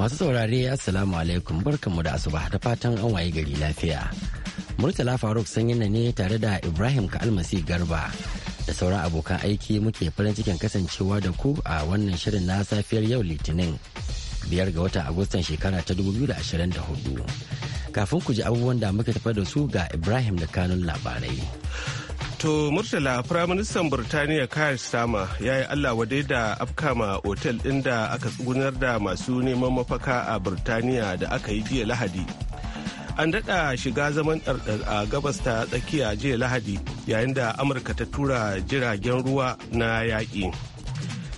Masu saurare Assalamu alaikum barkanmu da asuba da fatan an waye gari lafiya. Murtala Faruk sanyin ne tare da Ibrahim ka Almasi Garba da sauran abokan aiki muke farin cikin kasancewa da ku a wannan shirin na safiyar yau Litinin biyar ga wata Agustan shekara ta 2024. Kafin ku ji abubuwan da muka tafa da su ga Ibrahim da kanun labarai. To Murtala Firaministan Birtaniya Kayar Sama ya yi Allah wadai da afkama otel ɗin da aka tsugunar da masu neman mafaka a Birtaniya da aka yi jiya Lahadi. An daɗa shiga zaman ɗarɗar a gabas ta tsakiya jiya Lahadi yayin da Amurka ta tura jiragen ruwa na yaƙi.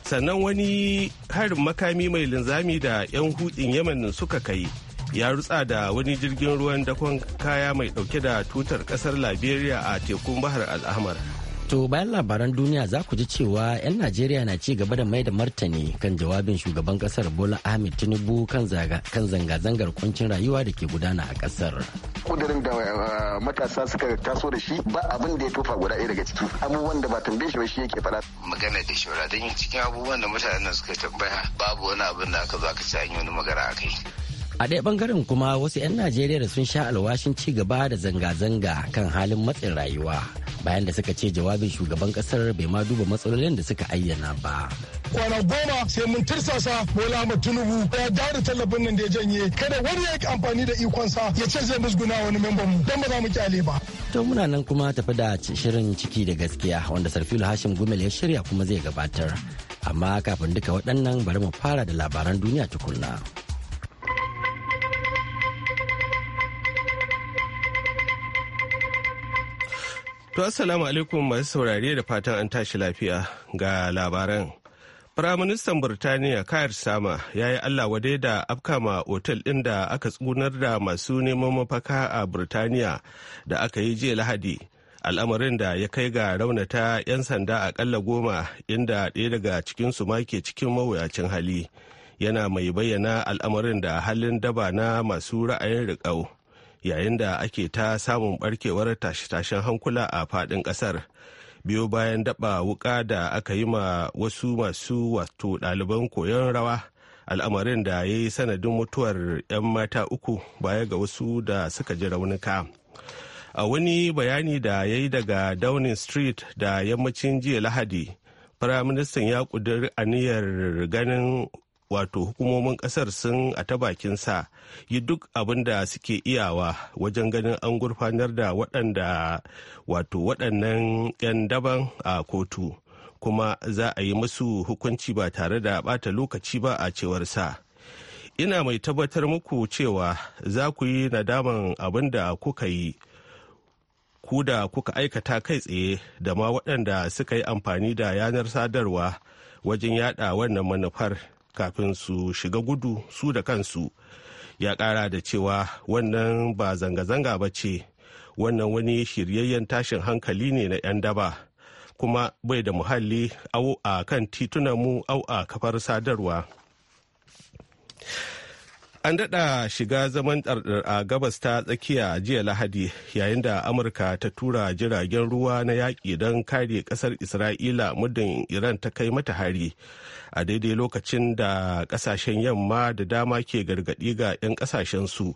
Sannan wani harin makami mai linzami da 'yan hutsin Yemen suka kai ya rutsa da wani jirgin ruwan dakon kaya mai dauke da tutar kasar liberia a tekun bahar al'ahmar to bayan labaran duniya za ku ji cewa 'yan najeriya na ci gaba da mai da martani kan jawabin shugaban kasar bola ahmed tinubu kan zanga-zangar kuncin rayuwa da ke gudana a kasar kudirin da eh, matasa suka taso da shi ba abin da ya tofa guda ɗaya daga ciki abubuwan da ba tambaye shi ba shi yake faɗa magana da shawara don cikin abubuwan da mutanen suka tambaya babu wani abin da aka zo aka ci an wani magana a kai a ɗaya ɓangaren kuma wasu 'yan najeriya da sun sha alwashin ci gaba da zanga-zanga kan halin matsin rayuwa bayan da suka ce jawabin shugaban ƙasar bai ma duba matsalolin da suka ayyana ba kwana goma sai mun tirsasa bola ma tinubu ya dawo da tallafin nan da ya janye kada wani ya yi amfani da ikonsa ya ce zai musguna wani memban mu don ba za mu kyale ba to muna nan kuma tafi da shirin ciki da gaskiya wanda sarfilu hashim gumel ya shirya kuma zai gabatar amma kafin duka waɗannan bari mu fara da labaran duniya tukunna. To assalamu alaikum masu saurare da fatan an tashi lafiya ga labaran. Firaministan Burtaniya Kayar Sama ya yi Allah wadai da afkama otel ɗin da aka tsunar da masu neman mafaka a Burtaniya da aka yi jiya Lahadi. Al'amarin da ya kai ga raunata 'yan sanda akalla goma inda ɗaya daga cikinsu ma ke cikin mawuyacin hali. Yana mai bayyana al'amarin da halin daba na masu ra'ayin riƙau. yayin da ake ta samun barkewar tashe-tashen hankula a faɗin ƙasar biyo bayan daɓa wuƙa da aka yi ma wasu masu wato ɗaliban koyon rawa al'amarin da ya yi sanadin mutuwar 'yan mata uku baya ga wasu da suka ji raunuka a wani bayani da ya yi daga downing street da yammacin jiya lahadi firaministan ya ƙudiri aniyar ganin wato hukumomin kasar sun a ta bakin sa yi duk abin da suke iyawa wajen ganin an gurfanar da waɗanda wato waɗannan 'yan daban a kotu kuma za a yi musu hukunci ba tare da ɓata lokaci ba a cewar sa ina mai tabbatar muku cewa za ku yi nadaman abin da kuka yi ku da kuka aikata kai tsaye da ma waɗanda suka yi amfani da yanar sadarwa wajen yada wannan manufar kafin su shiga gudu su da kansu ya kara da cewa wannan ba zanga-zanga ba ce wannan wani shiryayyen tashin hankali ne na 'yan daba kuma bai da muhalli au a kan titunanmu au a kafar sadarwa An daɗa shiga zaman a gabas ta tsakiya jiya Lahadi yayin da Amurka ta tura jiragen ruwa na yaƙi don kare ƙasar Isra'ila muddin Iran ta kai mata hari. A daidai lokacin da ƙasashen yamma da dama ke gargaɗi ga 'yan su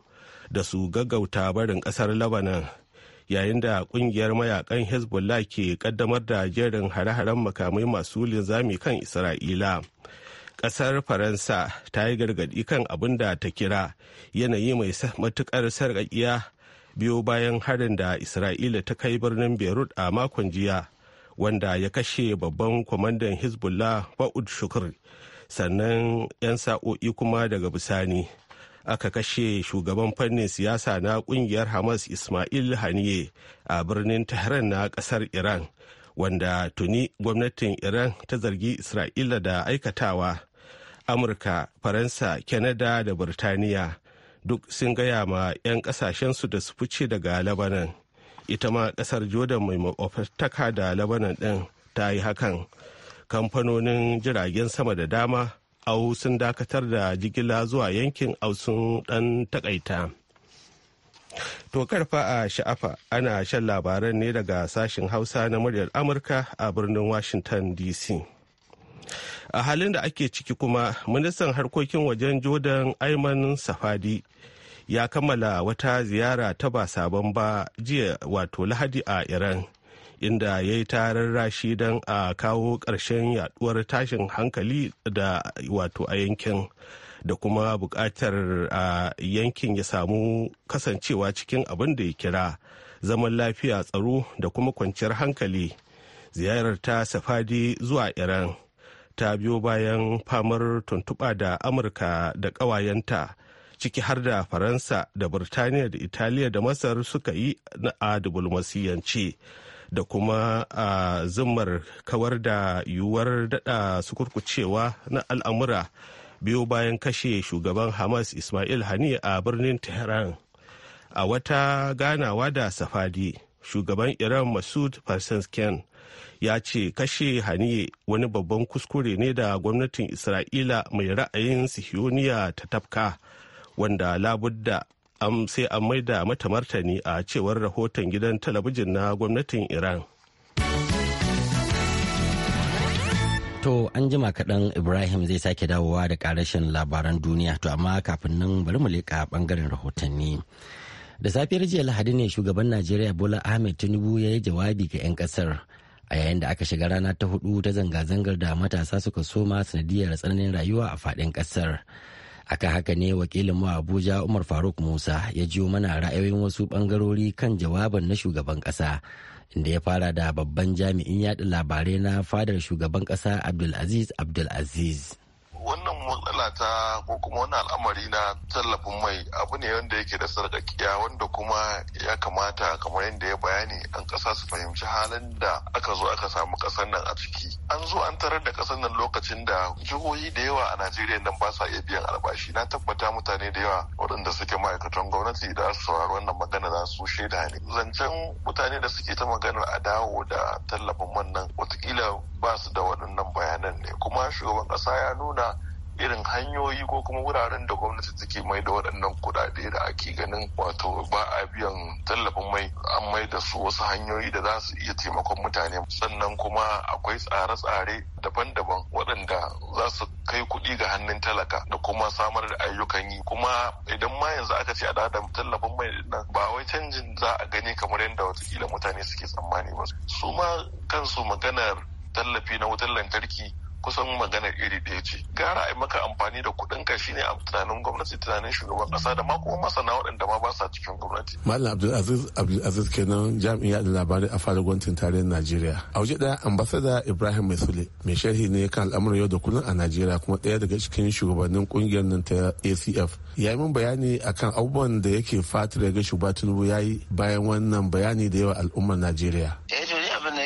da su gaggauta barin ƙasar Labanan. yayin da kungiyar mayakan hezbollah ke kaddamar da jerin hare-haren makamai masu linzami kan isra'ila kasar faransa ta yi gargadi kan abin da ta kira yanayi mai matukar sarƙaƙiya biyu bayan harin da isra'ila ta kai birnin beirut a makon jiya wanda ya kashe babban kwamandan hezbollah ba'ud shukur sannan 'yan sa'o'i kuma daga bisani aka kashe shugaban fannin siyasa na kungiyar hamas ismail haniye a birnin tehran na kasar iran wanda tuni gwamnatin iran ta zargi isra'ila da aikatawa amurka faransa canada da birtaniya duk sun gaya ma 'yan kasashensu da su fice daga labanan ita ma kasar jordan mai makwabtaka da labanan din ta yi hakan kamfanonin jiragen sama da dama au sun dakatar da jigila zuwa yankin au sun dan takaita To karfa a sha'afa ana shan labaran ne daga sashen Hausa na muryar Amurka a birnin Washington DC. A halin da ake ciki kuma, ministan harkokin wajen Jordan Ayman Safadi ya kammala wata ziyara ta ba sabon ba jiya wato lahadi a Iran. inda ya yi tarar rashi don a kawo ƙarshen yaduwar tashin hankali da wato a yankin da kuma buƙatar a yankin ya samu kasancewa cikin abin da ya kira zaman lafiya tsaro da kuma kwanciyar hankali ziyarar ta safadi zuwa iran ta biyo bayan famar tuntuɓa da amurka da ƙawayenta ciki har da faransa da birtaniya da italiya da masar suka yi a dubulmasiyance da kuma a zimmar kawar da yiwuwar daɗa sukurkucewa na al'amura biyo bayan kashe shugaban hamas ismail hani a birnin tehran a wata ganawa da safadi shugaban iran masud farsansken ya ce kashe haniye wani babban kuskure ne da gwamnatin isra'ila mai ra'ayin sihiyoniya ta tafka wanda labudda sai an maida mata martani a cewar rahoton gidan talabijin na gwamnatin iran To an jima kaɗan Ibrahim zai sake dawowa da ƙarashin labaran duniya to amma kafin nan bari mu leƙa ɓangaren rahotanni. Da safiyar jiya Lahadi ne shugaban Najeriya Bola Ahmed Tinubu ya yi jawabi ga 'yan ƙasar a yayin da aka shiga rana ta hudu ta zanga-zangar da matasa suka soma sanadiyar tsananin rayuwa a faɗin ƙasar. Aka haka ne wakilin mu Abuja Umar Faruk Musa ya jiyo mana ra'ayoyin wasu ɓangarori kan jawabin na shugaban ƙasa. da ya fara da babban jami'in yaɗa labarai na fadar shugaban ƙasa abdulaziz abdulaziz wannan matsala ta ko kuma wannan al'amari na tallafin mai abu ne wanda yake da sarƙaƙiya wanda kuma ya kamata kamar yadda ya bayani an ƙasa su fahimci halin da aka zo aka samu ƙasar nan a ciki an zo an tarar da ƙasar nan lokacin da jihohi da yawa a najeriya nan ba sa iya biyan albashi na tabbata mutane da yawa waɗanda suke ma'aikatan gwamnati da su saurari wannan magana za su shaida ne zancen mutane da suke ta maganar a dawo da tallafin wannan watakila ba su da waɗannan bayanan ne kuma shugaban ƙasa ya nuna irin hanyoyi ko kuma wuraren da gwamnati take mai da waɗannan kuɗaɗe da ake ganin wato ba a biyan tallafin mai an mai da su wasu hanyoyi da za su iya taimakon mutane sannan kuma akwai tsare-tsare daban-daban waɗanda za su kai kuɗi ga hannun talaka da kuma samar da ayyukan yi kuma idan ma yanzu aka ce a da tallafin mai nan ba wai canjin za a gani kamar yadda watakila mutane suke tsammani ba su ma kansu maganar tallafi na wutar lantarki kusan magana iri ɗaya ce gara a maka amfani da kuɗin ka shine a tunanin gwamnati tunanin shugaban ƙasa da ma kuma masana waɗanda ma ba sa cikin gwamnati malam abdul aziz kenan jami'in yaɗa labarai a fara gwamnatin tarihin najeriya a waje ɗaya ambasada ibrahim mai sule mai sharhi ne kan al'amuran yau da kullum a najeriya kuma ɗaya daga cikin shugabannin ƙungiyar nan ta acf ya yi min bayani akan abubuwan da yake fatar ga shugaba tinubu ya yi bayan wannan bayani da yawa al'ummar najeriya eh,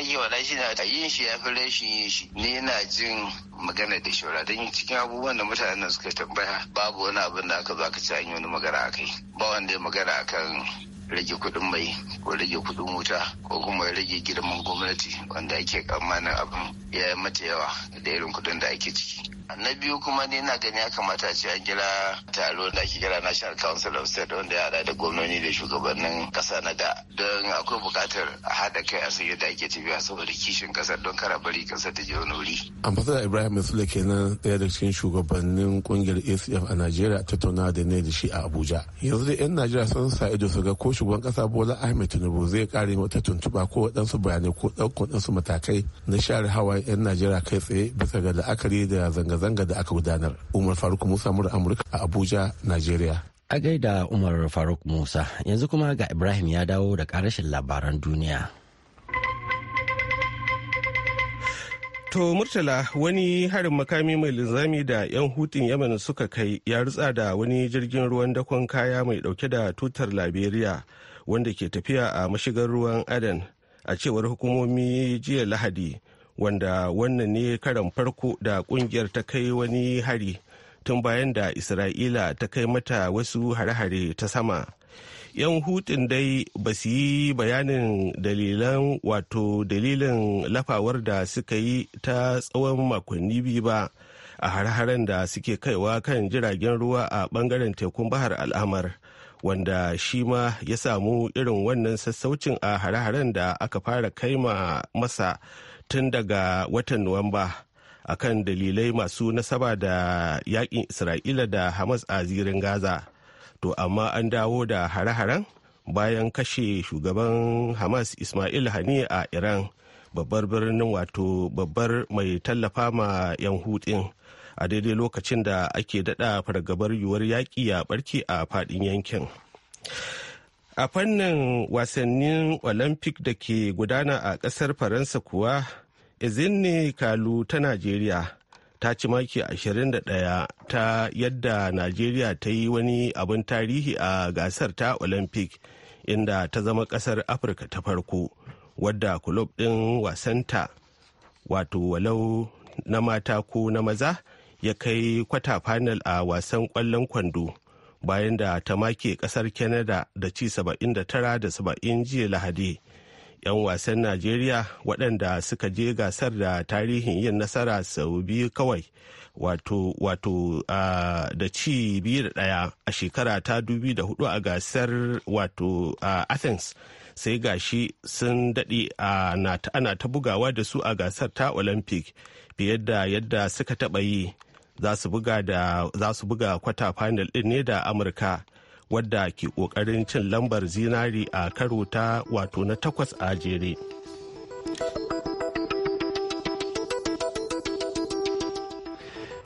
yi wa shi na yin shi ya fi rashin yin shi ni yana jin magana da shawara don cikin abubuwan da mutanen suka tambaya babu wani abin da aka zaka ci an yi wani magana akai ba wanda ya magana akan rage kuɗin mai ko rage kuɗin wuta ko kuma rage girman gwamnati wanda ake kamanin abin ya yi mata yawa da irin kuɗin da ake ciki na biyu kuma ne na gani ya kamata ce an gira taro da ake gira national council of state wanda ya hada da gwamnoni da shugabannin kasa na da don akwai bukatar a haɗa kai a san da ake tafiya saboda kishin kasar don kara bari kasar ta ji wani wuri. ambasada ibrahim masula kenan ɗaya da cikin shugabannin kungiyar acf a najeriya tattauna da ne da shi a abuja yanzu da yan najeriya sun sa ido su ga ko shugaban kasa bola ahmed tinubu zai kare wata tuntuɓa ko waɗansu bayanai ko ɗaukar ɗansu matakai na share hawa yan najeriya kai tsaye bisa ga la'akari da zanga zanga-zanga da aka gudanar umar faruk musa mura amurka a abuja nigeria a gaida umar faruk musa yanzu kuma ga ibrahim ya dawo da karashin labaran duniya To Murtala wani harin makami mai linzami da 'yan hutun Yemen suka kai ya rutsa da wani jirgin ruwan dakon kaya mai dauke da tutar Liberia wanda ke tafiya a mashigar ruwan Aden a cewar hukumomi jiya Lahadi wanda wannan ne karan farko da kungiyar ta kai wani hari tun bayan da isra'ila ta kai mata wasu hare-hare ta sama yan hutun dai ba su yi bayanin dalilan wato dalilin lafawar da suka yi ta tsawon makonni biyu ba a har-haren da suke kaiwa kan jiragen ruwa a bangaren tekun bahar al'amar wanda shi ma ya samu irin wannan sassaucin a hare-haren da aka fara kaima masa tun daga watan nuwamba a kan dalilai masu nasaba da yakin isra'ila da hamas a zirin gaza to amma an dawo da hare-haren bayan kashe shugaban hamas ismail hani a iran babbar birnin wato babbar mai tallafa ma yan hutsin a daidai lokacin da ake dada fargabar yiwuwar yaƙi ya barke a faɗin yankin a fannin wasannin olympic da ke gudana a ƙasar faransa kuwa izini Kalu ta Najeriya ta ci maki 21 ta yadda Najeriya ta yi wani abin tarihi a gasar ta Olympic inda ta zama kasar Afirka ta farko wadda kulob ɗin wasanta wato walau na mata ko na maza ya kai kwata final a wasan kwallon kwando bayan da ta make kasar Canada da ci 79 da 70 jiya Lahadi. 'yan wasan najeriya waɗanda suka je gasar da tarihin yin nasara sau biyu kawai wato wato da ci biyu da ɗaya a shekara ta dubi da hudu a gasar wato athens sai gashi sun daɗe ana ta bugawa da su a gasar ta olympic fiye da yadda suka taɓa yi za su buga kwata final ɗin ne da amurka wadda ke kokarin cin lambar zinari a karo ta wato na takwas a jere.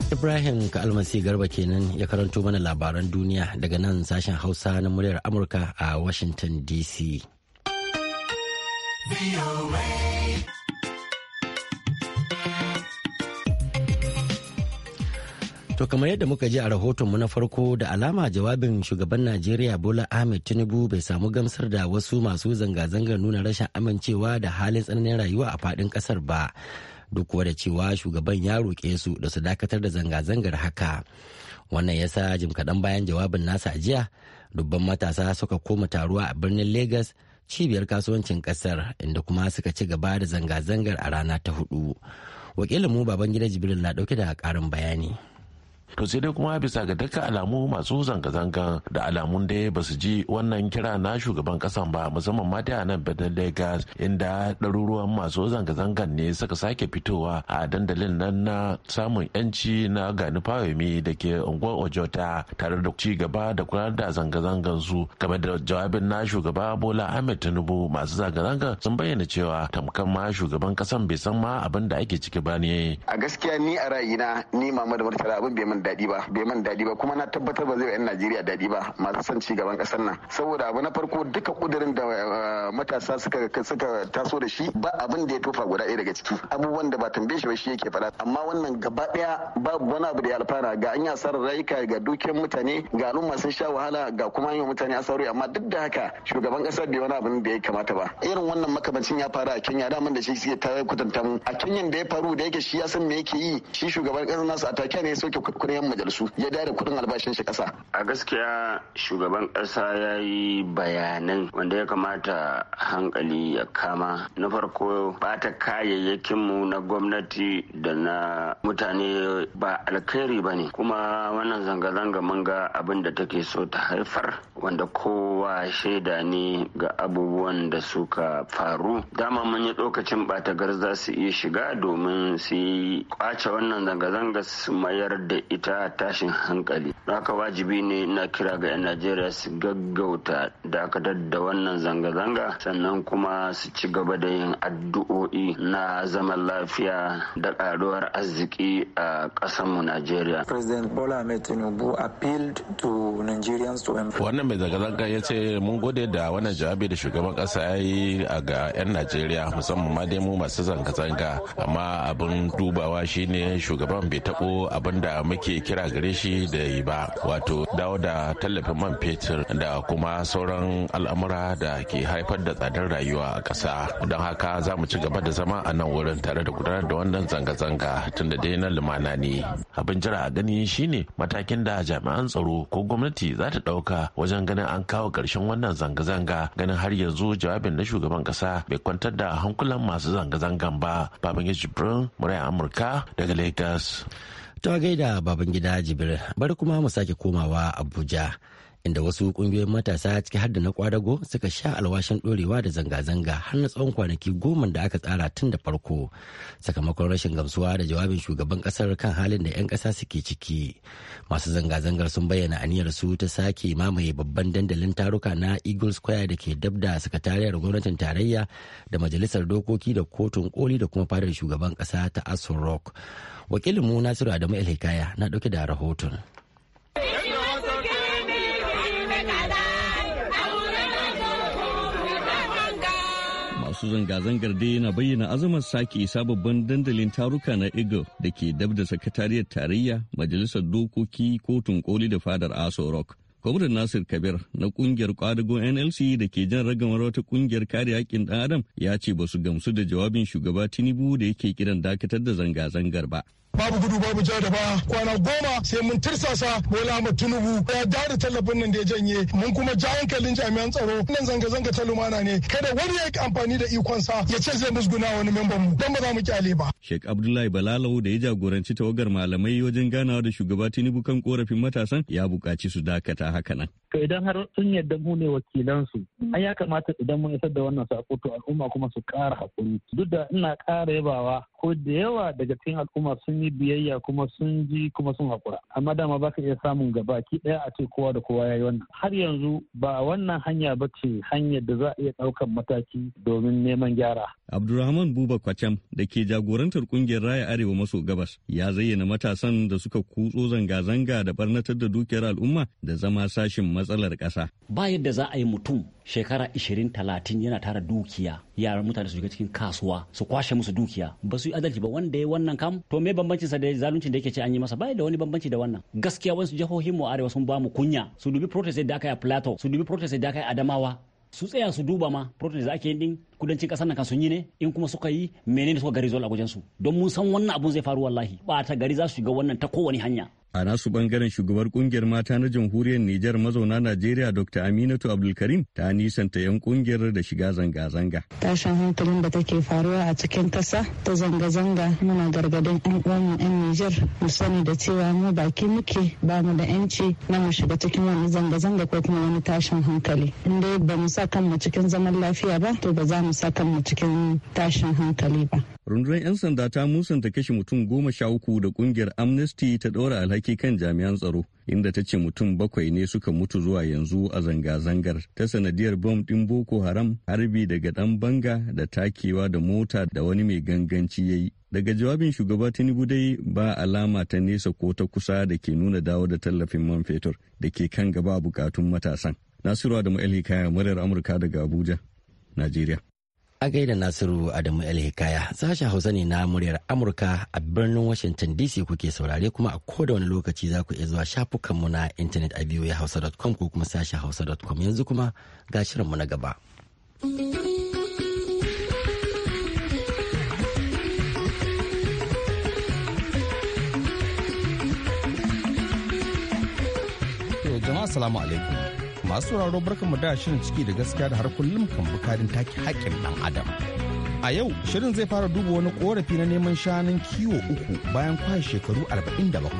Ibrahim Kalmasi Garba kenan ya karanto mana labaran duniya daga nan sashen Hausa na muryar Amurka a Washington DC. To kamar yadda muka ji a rahotonmu na farko da alama jawabin shugaban Najeriya Bola Ahmed Tinubu bai samu gamsar da wasu masu zanga-zangar nuna rashin amincewa da halin tsananin rayuwa a faɗin ƙasar ba. Duk da cewa shugaban ya roƙe su da su dakatar da zanga-zangar haka. Wannan yasa sa jim kaɗan bayan jawabin nasa a jiya, dubban matasa suka koma taruwa a birnin Legas cibiyar kasuwancin ƙasar inda kuma suka ci gaba da zanga-zangar a rana ta hudu. Wakilin mu Babangida Jibril na ɗauke da ƙarin bayani. to sai dai kuma bisa ga dukkan alamu masu zanga zanga da alamun da ba su ji wannan kira na shugaban kasan ba musamman ma a nan birnin lagos inda ɗaruruwan masu zanga-zangan ne suka sake fitowa a dandalin nan na samun yanci na gani fawemi da ke unguwar ojota tare da ci gaba da kula da zanga-zangan su game da jawabin na shugaba bola ahmed tinubu masu zanga-zangan sun bayyana cewa tamkar ma shugaban kasan bai san ma abin da ake ciki ba ne a gaskiya ni a ra'ayina ni mamadu murtala abin bai min daɗi ba bai man daɗi ba kuma na tabbatar ba zai yan najeriya daɗi ba masu son ci gaban ƙasar nan saboda abu na farko duka kudirin da eh, matasa suka suka taso da shi ba abin da ya tofa guda ɗaya daga ciki abubuwan da ba tambaye shi ba shi yake faɗa amma wannan gaba ɗaya babu wani abu da ya alfara ga an yi asarar rayuka ga dukiyar mutane ga al'umma sun sha wahala ga kuma yi mutane asarori amma duk da haka shugaban ƙasar bai wani abin da ya kamata ba irin wannan makamancin ya faru a kenya daman da shi suke ta kwatanta mu a kenyan da ya faru da yake shi ya san me yake yi shi shugaban ƙasar nasu a take ne ya soke kuɗin yan majalisu ya dare kuɗin albashin shi ƙasa. A gaskiya shugaban ƙasa ya yi bayanan wanda ya kamata hankali ya kama na farko bata kayayyakinmu na gwamnati da na mutane ba alkhairi ba ne kuma wannan zanga-zanga mun ga abin da take so ta haifar wanda kowa shaida ne ga abubuwan da suka faru dama mun yi lokacin bata garza su iya shiga domin su yi kwace wannan zanga-zanga su mayar da ita a tashin hankali haka wajibi ne na kira ga 'yan najeriya su gaggauta dakatar da wannan zanga-zanga sannan kuma su ci gaba da yin addu'o'i na zaman lafiya da karuwar arziki a ƙasarmu najeriya president bola mai tinubu appealed to nigerians to wannan mai zanga-zanga ya ce mun gode da wannan jawabi da shugaban ƙasa ya yi ga 'yan najeriya musamman ma dai mu masu zanga-zanga amma abin dubawa shine shugaban bai taɓo abin da muke ke kira gare shi da yi ba wato dawo da tallafin man fetur da kuma sauran al'amura da ke haifar da tsadar rayuwa a ƙasa don haka za mu ci gaba da zama a nan wurin tare da gudanar da wannan zanga-zanga tun da dai na lumana ne abin jira a gani shine matakin da jami'an tsaro ko gwamnati za ta ɗauka wajen ganin an kawo ƙarshen wannan zanga-zanga ganin har yanzu jawabin na shugaban ƙasa bai kwantar da hankulan masu zanga-zangan ba babangiji jibrin murai amurka daga lagos ta gaida baban gida jibir bari kuma mu sake komawa abuja inda wasu kungiyoyin matasa ciki har da na kwadago suka sha alwashin dorewa da zanga-zanga har na tsawon kwanaki goma da aka tsara tun da farko sakamakon rashin gamsuwa da jawabin shugaban kasar kan halin da 'yan kasa suke ciki masu zanga-zangar sun bayyana aniyar su ta sake mamaye babban dandalin taruka na eagle square da ke dab da sakatariyar gwamnatin tarayya da majalisar dokoki da kotun koli da kuma fadar shugaban kasa ta aso rock wakilinmu nasiru adamu hikaya na ɗauke da rahoton masu zanga-zangar dai na bayyana azumar sake sababbin dandalin taruka na eagle da ke dab da sakatariyar tarayya majalisar dokoki kotun koli da fadar aso rock Kwamitin Nasir Kabir na kungiyar kwadago NLC da ke jan ragamar wata kungiyar kare haƙƙin ɗan adam ya ce ba su gamsu da jawabin shugaba Tinubu da yake kiran dakatar da zanga-zangar ba. babu gudu babu ja da ba kwana goma sai mun tirsasa bola ahmad tunubu ya dare tallafin nan da ya janye mun kuma ja hankalin jami'an tsaro nan zanga-zanga ta lumana ne kada wani ya yi amfani da ikon sa ya ce zai musguna wani memban mu dan ba za mu kyale ba Sheikh Abdullahi Balalau da ya jagoranci tawagar malamai wajen ganawa da shugaba Tinubu kan korafin matasan ya buƙaci su dakata haka nan to idan har sun yadda mu ne wakilansu mm. an ya kamata idan mun isar da wannan sako to al'umma kuma su ƙara hakuri duk da ina ƙara yabawa ko da yawa daga cikin al'umma sun yi biyayya kuma sun ji kuma sun hakura amma dama baka iya samun gaba ki ɗaya a ce kowa da kowa ya yi wannan har yanzu ba wannan hanya ba ce hanyar da za a iya ɗaukan mataki domin neman gyara. Abdulrahman Buba Kwacham da ke jagorantar kungiyar Raya Arewa maso gabas ya zayyana matasan da suka kutso zanga-zanga da barnatar da dukiyar al'umma da zama sashin matsalar ƙasa. Ba yadda za a yi mutum shekara 20-30 yana tara dukiya yaran mutane su shiga cikin kasuwa su kwashe musu dukiya ba su yi adalci ba wanda ya wannan kam to me bambancin sa da zaluncin da yake ce an yi masa ba da wani bambanci da wannan gaskiya wasu jihohin mu arewa sun ba mu kunya su dubi protest da aka yi a plateau su dubi protest da aka yi adamawa su tsaya su duba ma protest da ake yin din kudancin kasar nan kan sun yi ne in kuma suka yi menene suka gari zuwa a don mun san wannan abun zai faru wallahi ba ta gari za su shiga wannan ta kowane hanya a nasu bangaren shugabar kungiyar mata na jamhuriyar Nijar mazauna Najeriya Dr. Aminatu Abdulkarim ta nisanta 'yan kungiyar da shiga zanga-zanga. Tashin hankalin da take faruwa a cikin ƙasa ta zanga-zanga muna gargadin 'yan uwanmu 'yan Nijar mu sani da cewa mu baki muke ba mu da 'yanci na mu shiga cikin wani zanga-zanga ko kuma wani tashin hankali. In dai ba mu sa kanmu cikin zaman lafiya ba to ba za mu sa kanmu cikin tashin hankali ba. Rundunar 'yan sanda ta musanta kashe mutum goma sha uku da kungiyar Amnesty ta ɗora alhaki alhaki kan jami'an tsaro inda ta ce mutum bakwai ne suka mutu zuwa yanzu a zanga-zangar ta sanadiyar bom ɗin boko haram harbi daga ɗan banga da takewa da mota da wani mai ganganci ya yi daga jawabin shugaba tinubu dai ba alama ta nesa ko ta kusa da ke nuna dawo da tallafin man fetur da ke kan gaba bukatun matasan nasiru da mu'ali kaya muryar amurka daga abuja najeriya a gaida Nasiru Adamu Hikaya sashen Hausa ne na muryar Amurka a birnin Washington DC kuke saurare kuma a koda wani lokaci za ku iya zuwa shafukanmu na intanet a biyu hausa.com ko kuma sashen hausa.com yanzu kuma ga shirinmu na gaba. Jama'a salamu alaikum. masu sauraro mu da shirin ciki da gaskiya da har kullum kan bukarin take haƙƙin ɗan adam a yau shirin zai fara duba wani korafi na neman shanun kiwo uku bayan kwashe shekaru 47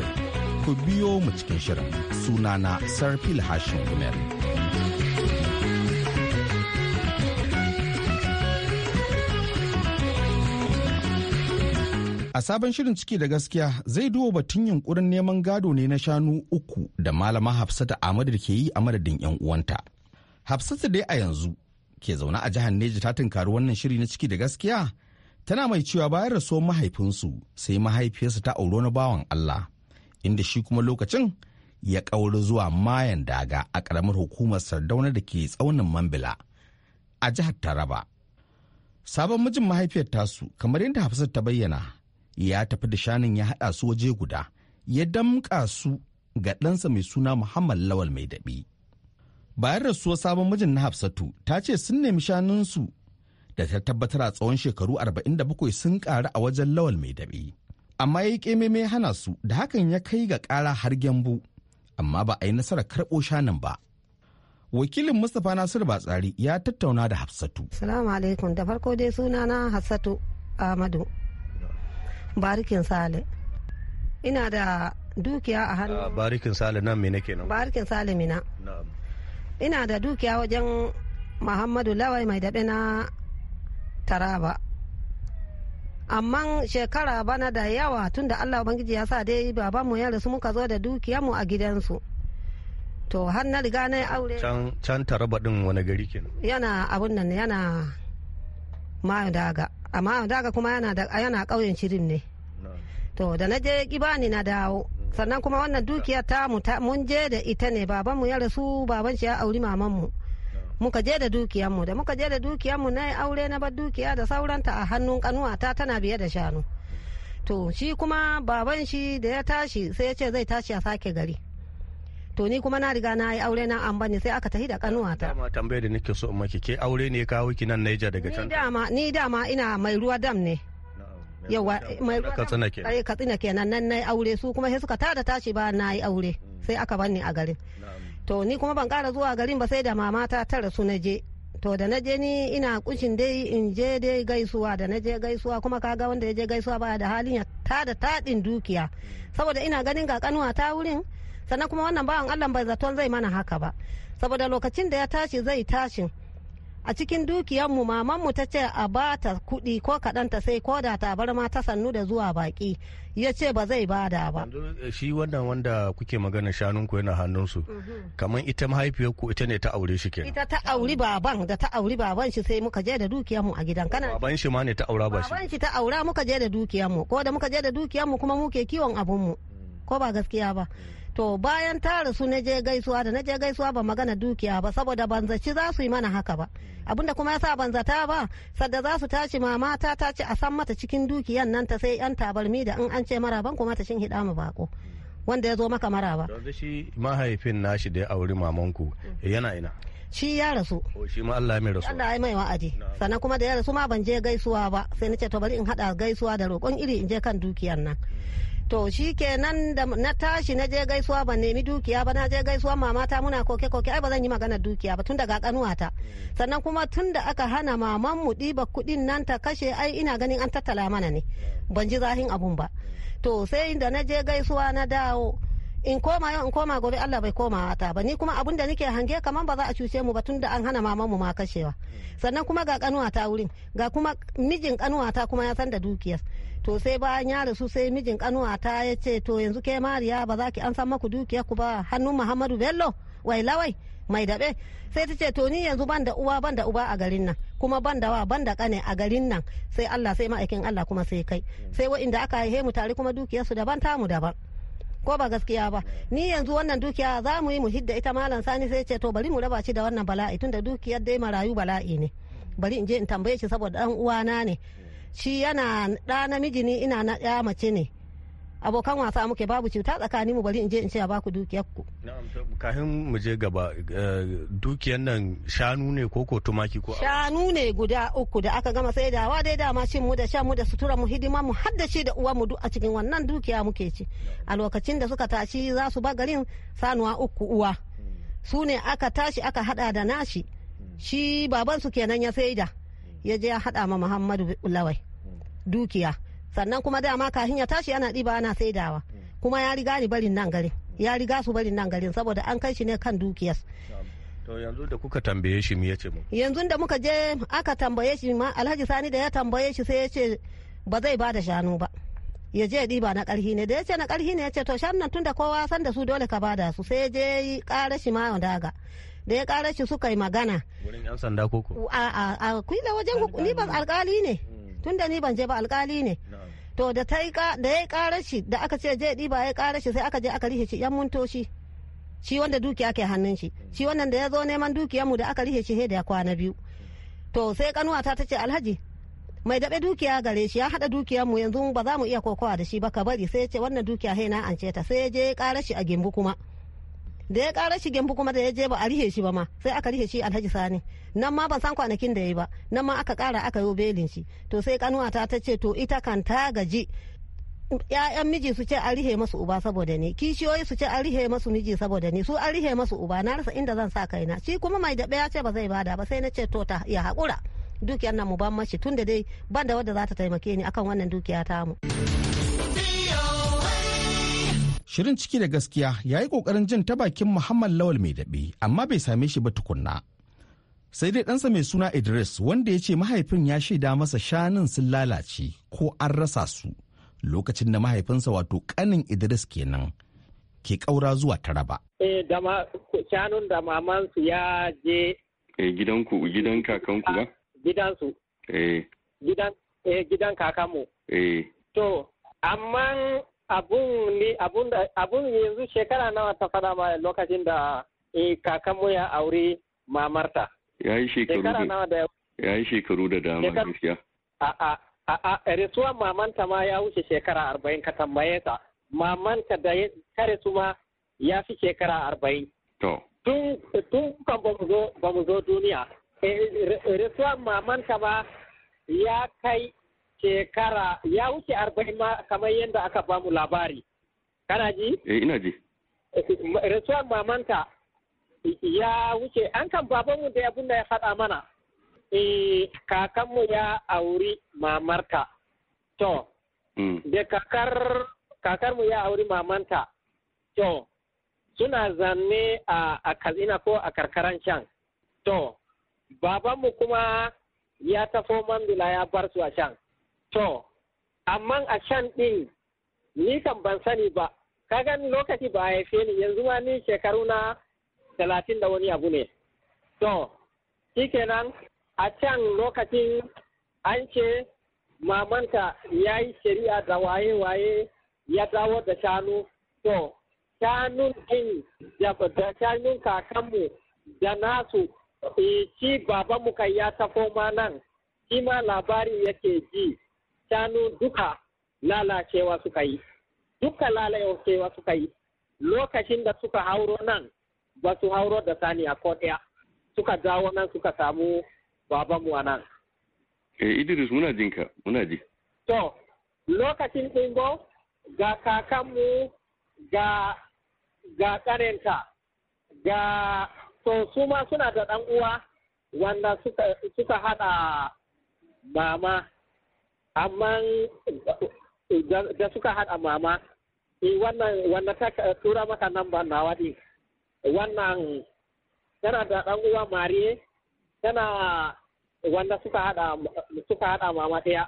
ku biyo mu cikin shirin sunana sarfil hashin gumel A sabon shirin ciki da gaskiya zai duba batun yunkurin neman gado ne na shanu uku da malama Hafsata Ahmadu da ke yi a madadin 'yan uwanta. Hafsata dai a yanzu ke zaune a jihar Neji ta tunkari wannan shiri na ciki da gaskiya tana mai cewa bayan rasuwar mahaifinsu sai mahaifiyarsa ta auro na bawan Allah inda shi kuma lokacin ya ƙauri zuwa mayan daga a ƙaramar hukumar sardauna da ke tsaunin Mambila a jihar Taraba. Sabon mijin mahaifiyar tasu kamar yadda Hafsat ta bayyana ya tafi da shanun ya haɗa su waje guda ya damƙa su ga ɗansa mai suna muhammad lawal mai daɓi bayan rasuwar sabon mijin na hafsatu ta ce sun nemi shanunsu da ta tabbatar a tsawon shekaru 47 sun ƙaru a wajen lawal mai daɓi amma ya yi ƙememe hana su da hakan ya kai ga ƙara har gyambu amma ba a yi nasarar karɓo shanun ba wakilin mustapha nasir batsari ya tattauna da hafsatu salamu alaikum da farko dai suna na hafsatu ahmadu barikin sale ina da dukiya a hannu ah, barikin sale nan mina kenan barikin sale mina ina da dukiya wajen muhammadu lawai mai daɓe na taraba amma shekara bana da yawa tun da allah bangiji ya sa dai babanmu ya rasu muka zo da dukiyarmu a gidansu to har na riga na aure can taraba din wani gari kenan yana abun nan yana mayo daga amma daga kuma yana ƙauyen shirin ne to da na je kibani na dawo mm. sannan kuma wannan dukiyar ta mun je da ita ne babanmu ya rasu baban shi ya auri mamanmu muka je da dukiyarmu da muka je da dukiyarmu na aure na bar dukiya da sauranta a hannun kanuwata tana biye da shanu mm. to shi kuma baban shi da ya tashi sai ya ce zai tashi a sake gari to ni kuma na riga na yi aure na an bani sai aka tafi da ta dama tambayar da nake so in maki ke aure ne kawo ki nan Niger daga can ni dama ni dama ina mai ruwa dam ne yawa mai ruwa katsina kenan eh, katsina kenan nan nayi aure su kuma sai suka tada tashi ba na yi aure mm. sai aka bani a garin to ni kuma ban kara zuwa garin ba sai da mama ta tara na je to da naje ni ina kushin dai in je dai gaisuwa da naje gaisuwa kuma kaga wanda ya je gaisuwa baya da halin ya ta da dukiya mm. saboda ina ganin ga kanuwa ta wurin sannan kuma wannan bawan allah bai zaton zai mana haka ba saboda lokacin da ya tashi zai tashi a cikin maman mu ta ce a ba ta kuɗi ko kaɗan ta sai ko da ta bar ma ta sannu da zuwa baƙi ya ce ba zai bada ba. shi wannan wanda kuke magana ku yana hannun su kamar ita mahaifiyar ku ita ne ta aure shi kenan. ita ta auri baban da ta auri baban shi sai muka je da mu a gidan kana. baban shi ma ne ta aura ba shi. baban shi ta aura muka je da mu ko da muka je da mu kuma muke kiwon mu ko ba gaskiya ba. to bayan ta rasu na je gaisuwa da na je gaisuwa ba magana dukiya ba saboda banzaci za su yi mana haka ba abinda kuma ya sa banzata ba sadda za su tashi mama ta tace a san mata cikin dukiyan nan ta sai yan tabarmi da in an ce maraban kuma ta shin hida mu bako wanda ya zo maka maraba. Yanzu shi mahaifin nashi da ya auri mamanku eh, yana ina. Shi ya rasu. O oh, shi ma Allah mai rasu. Allah ya mai wa'adi. Sannan kuma da ya rasu ma ban je gaisuwa ba sai na ce to bari in hada gaisuwa da roƙon iri in je kan dukiyan nan. to shi ke nan da na tashi na je gaisuwa ban nemi dukiya ba na je gaisuwa mamata muna koke koke ai ba zan yi magana dukiya ba tun daga ta sannan kuma tun da aka hana maman mu ɗiba kuɗin nan ta kashe ai ina ganin an tattala mana ne ban ji zahin abun ba to sai da na je gaisuwa na dawo in koma yau in koma gobe Allah bai koma ta ba ni kuma abun da nake hange kaman ba za a cuce mu ba tun da an hana maman mu ma kashewa sannan kuma ga kanuwa ta wurin ga kuma mijin kanuwa ta kuma ya san da dukiyar to sai bayan ya rasu sai mijin kanuwa ta ya ce to yanzu ke mariya ba za ki an san maku dukiyar ku ba hannun Muhammadu Bello wai lawai mai daɓe sai ta ce to ni yanzu ban da uwa ban da uba a garin nan kuma ban da wa ban da kane a garin nan sai Allah sai ma'aikin Allah kuma sai kai sai wa'inda aka haihe mu tare kuma su daban tamu daban ko ba gaskiya ba ni yanzu wannan dukiya za mu yi mu hidda ita malam sani sai ce to bari mu raba shi da wannan bala'i tunda dukiyar dai marayu bala'i ne bari in je in tambaye shi saboda dan uwana ne shi yana ɗa namiji ni ina na ɗaya mace ne abokan wasa muke babu cuta tsakanin mu bari in je in ce a baku dukiyar ku kafin mu je gaba eh, dukiyar nan shanu ne ko ko tumaki ko shanu ne guda uku da aka gama sai dawa dai dama shin mu da shan mu da sutura mu hidima mu hadda shi da uwa mu duk a cikin wannan dukiya muke ci a lokacin da suka tashi za su ba garin sanuwa uku uwa su ne aka tashi aka hada da nashi shi babansu kenan ya saida ya je ya hada ma Muhammadu Lawai dukiya sannan kuma dama kahin ya tashi ana ɗiba ana saidawa kuma ya riga ni barin nan garin ya riga su barin nan garin saboda an kai shi ne kan dukiyar to yanzu da kuka tambaye shi me yace mu yanzu da muka je aka tambaye shi ma Alhaji Sani da ya tambaye shi sai ya ce ba zai ba da shanu ba ya je ɗiba na ƙarhi ne da ya ce na ƙarhi ne ya ce to nan tunda kowa san da su dole ka bada su sai ya je ƙara shi ma daga da ya ƙara shi suka yi magana wurin yan sanda koko a a a kila wajen ni ban alƙali ne mm. tunda ni ban je ba alƙali ne to da ta da ya karar shi da aka ce je ɗiba ya karar shi sai aka je aka rihe shi yan muntoshi shi wanda dukiya ke hannun shi shi wannan da ya zo neman dukiyarmu da aka rihe shi da ya kwana biyu to sai kanuwa ta tace alhaji mai daɓe dukiya gare shi ya haɗa dukiyarmu yanzu ba za mu iya kokowa da shi ba ka bari sai ya ce wannan dukiya he na ance ta sai ya je ya karar shi a gembu kuma da ya karar shi gembu kuma da ya je ba a rihe shi ba ma sai aka rihe shi alhaji sani nan ma ban san kwanakin da ya yi ba nan ma aka kara aka yi belin shi to sai kanuwata ta ce to ita kan ta gaji ‘ya'yan miji su ce an rihe masu uba saboda ni kishiyoyi su ce an rihe masu miji saboda ni su an rihe masu uba na rasa inda zan sa kai na shi kuma mai daɓe ya ce ba zai bada ba sai na ce to ta ya haƙura dukiyar nan mu ban mashi tunda dai banda wadda za ta taimake ni akan wannan dukiya ta mu. Shirin ciki da gaskiya ya yi ƙoƙarin jin ta bakin Muhammad Lawal mai daɓe amma bai same shi ba tukunna. sai dai ɗansa mai suna idris wanda ya ce mahaifin ya shaida masa shanun sun lalace ko an rasa su lokacin da mahaifinsa wato ƙanin idris kenan ke ƙaura zuwa taraba. eh da shanun da mamansu ya je eh gidanku gidan kakanku ba gidansu eh gidan eh gidan kakanmu eh to amma abun ni abun da abun yanzu shekara nawa ta fara ma lokacin da eh kakanmu ya aure mamarta ya yi shekaru da ya yi shekaru da dama gaskiya a a a rasuwar mamanta ma ya wuce shekara arba'in ka tambaye ta mamanta da ya rasu ma ya fi shekara arba'in to tun tun kan ba mu zo duniya eh, rasuwar mamanta ma ya kai shekara ya wuce arba'in ma kamar yadda aka ba mu labari kana ji eh ina ji eh, rasuwar mamanta ya wuce an kan babanmu da ya da ya faɗa mana e kakanmu ya auri mamarta to mm. da kakar kakarmu ya auri mamanta to suna zane a katsina ko a karkaran can to babanmu kuma ya tafo mambila ya bar su a can to amma a can ɗin ni kan ban sani ba kagan lokaci ba a haife ni yanzu ma ni shekaru na talatin da wani abu ne to kenan a can lokacin an ce mamanta ya yi shari'a da waye-waye ya dawo da shanu to shanun ɗin da shanun kakanmu da nasu eh, shi babanmu kai ya tafo ma nan shi ma labari yake ji shanu duka lalacewa suka yi duka lalacewa suka yi lokacin da suka hauro nan ba su hauro da sani a ɗaya suka dawo nan suka samu babanmu a nan. Eh, Idris muna ka muna ji. To lokacin ɗingo ga kakanmu ga ga ƙarenta ga to su ma suna da ɗan uwa wanda suka, suka haɗa mama amma da, suka haɗa mama eh, wannan wanda ta tura maka nan ba na waɗi wannan tana da ɗan uwa mariye tana wanda suka haɗa mama ɗaya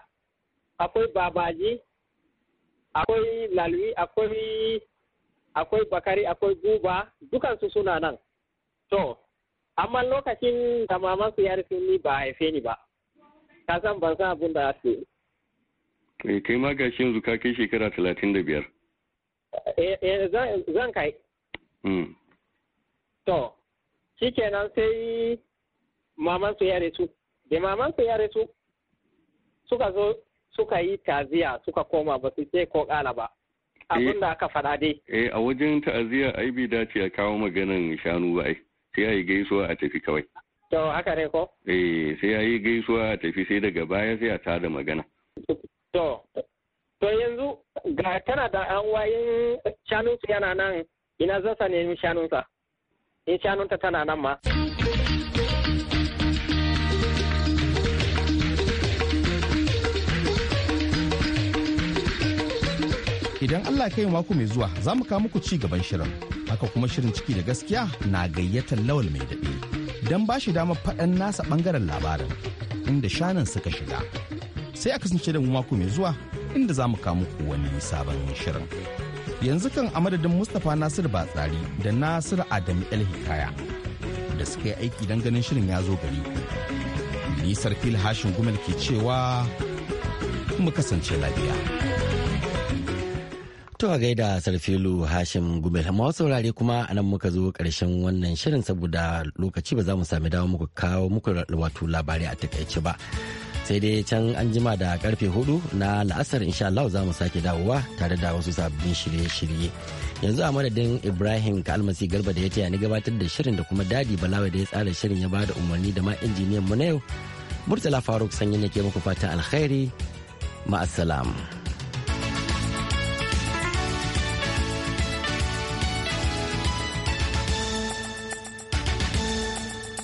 akwai babaji akwai lalwi akwai akwai bakari akwai guba dukansu suna nan to amma lokacin da mamansu ya rufe ni ba haife ni ba ka san ban san abin da ake kai eh, kai ma gashi yanzu ka kai shekara talatin da biyar eh, eh, zan kai hmm. to kenan sai maman su ya resu da maman su ya resu suka zo suka yi taziya suka koma ba su ce ko kala ba abin da aka faɗa dai eh a wajen ta'aziyya ai bai dace a kawo maganan shanu ba ai sai a yi gaisuwa a tafi kawai to haka ne ko eh sai a yi gaisuwa a tafi sai daga baya sai a tada magana to to yanzu ga tana da an wayin shanunsu yana nan ina zasa nemi shanunsa in eh, shanunta tana nan ma. Idan Allah kai mako mai zuwa za mu kawo muku ci gaban shirin. Haka kuma shirin ciki da gaskiya na gayyatar lawal mai daɗe. Don ba shi damar faɗan nasa ɓangaren labarin inda shanan suka shiga. Sai a kasance da mu mako mai zuwa inda za mu kawo muku wani sabon shirin. yanzu kan a madadin mustapha nasir batsari da nasir adamu el hikaya da suka yi aiki don ganin shirin ya zo gari nisar fil hashin gumel ke cewa mu kasance lafiya To a gaida Sarfilu Hashim Gumel amma saurare kuma anan muka zo karshen wannan shirin saboda lokaci ba za mu sami dawo muku kawo muku wato labarai a takaice ba. sai dai can an jima da karfe hudu na la'asar insha Allah za mu sake dawowa tare da wasu sabbin shirye-shirye yanzu a madadin ibrahim kalmasi garba da ya taya ni gabatar da shirin da kuma dadi balawa da ya tsara shirin ya ba da umarni da ma injiniyan mu na yau murtala faruk sanyi ne ke muku fatan alkhairi ma'asalam.